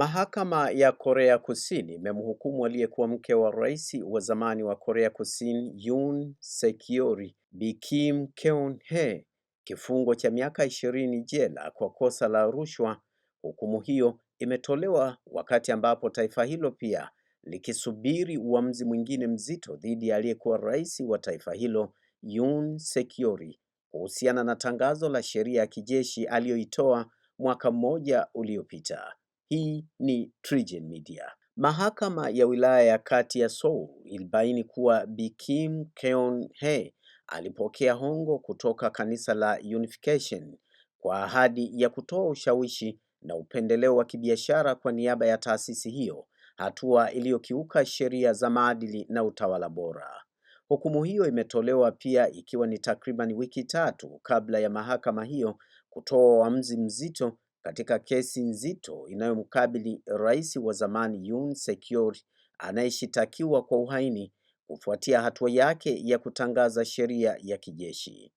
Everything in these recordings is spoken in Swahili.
Mahakama ya Korea Kusini imemhukumu aliyekuwa mke wa rais wa zamani wa Korea Kusini Yoon Suk-yeol Bi Kim Keun-hee kifungo cha miaka ishirini jela kwa kosa la rushwa. Hukumu hiyo imetolewa wakati ambapo taifa hilo pia likisubiri uamuzi mwingine mzito dhidi ya aliyekuwa rais wa taifa hilo Yoon Suk-yeol kuhusiana na tangazo la sheria ya kijeshi aliyoitoa mwaka mmoja uliopita. Hii ni Trigen Media. Mahakama ya wilaya ya kati ya Seoul ilibaini kuwa Bi Kim keon He alipokea hongo kutoka kanisa la Unification kwa ahadi ya kutoa ushawishi na upendeleo wa kibiashara kwa niaba ya taasisi hiyo, hatua iliyokiuka sheria za maadili na utawala bora. Hukumu hiyo imetolewa pia ikiwa ni takriban wiki tatu kabla ya mahakama hiyo kutoa uamuzi mzito katika kesi nzito inayomkabili rais wa zamani Yoon Sek Yeol anayeshitakiwa kwa uhaini kufuatia hatua yake ya kutangaza sheria ya kijeshi.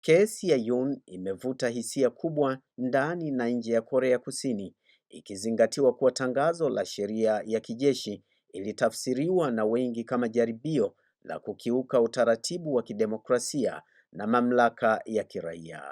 Kesi ya Yoon imevuta hisia kubwa ndani na nje ya Korea Kusini, ikizingatiwa kuwa tangazo la sheria ya kijeshi ilitafsiriwa na wengi kama jaribio la kukiuka utaratibu wa kidemokrasia na mamlaka ya kiraia.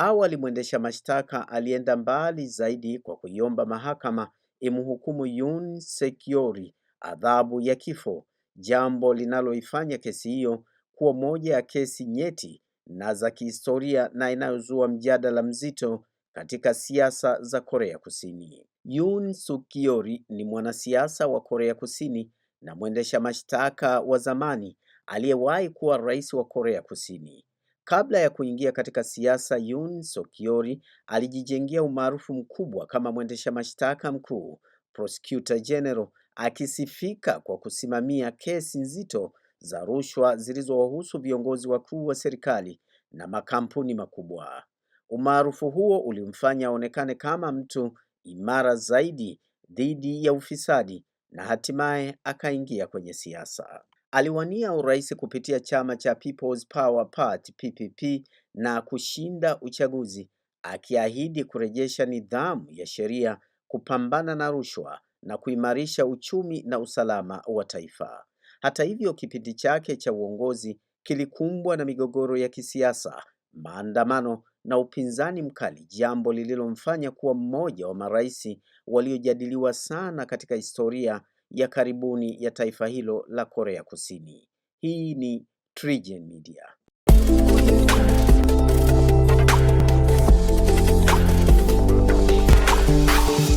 Awali mwendesha mashtaka alienda mbali zaidi kwa kuiomba mahakama imhukumu Yoon Sek Yeol adhabu ya kifo, jambo linaloifanya kesi hiyo kuwa moja ya kesi nyeti na za kihistoria na inayozua mjadala mzito katika siasa za Korea Kusini. Yoon Suk Yeol ni mwanasiasa wa Korea Kusini na mwendesha mashtaka wa zamani aliyewahi kuwa rais wa Korea Kusini. Kabla ya kuingia katika siasa, Yoon Suk-yeol alijijengea umaarufu mkubwa kama mwendesha mashtaka mkuu, prosecutor general, akisifika kwa kusimamia kesi nzito za rushwa zilizowahusu viongozi wakuu wa serikali na makampuni makubwa. Umaarufu huo ulimfanya aonekane kama mtu imara zaidi dhidi ya ufisadi na hatimaye akaingia kwenye siasa. Aliwania urais kupitia chama cha People's Power Party PPP na kushinda uchaguzi akiahidi kurejesha nidhamu ya sheria, kupambana na rushwa na kuimarisha uchumi na usalama wa taifa. Hata hivyo, kipindi chake cha uongozi kilikumbwa na migogoro ya kisiasa, maandamano na upinzani mkali, jambo lililomfanya kuwa mmoja wa marais waliojadiliwa sana katika historia ya karibuni ya taifa hilo la Korea Kusini. Hii ni TriGen Media.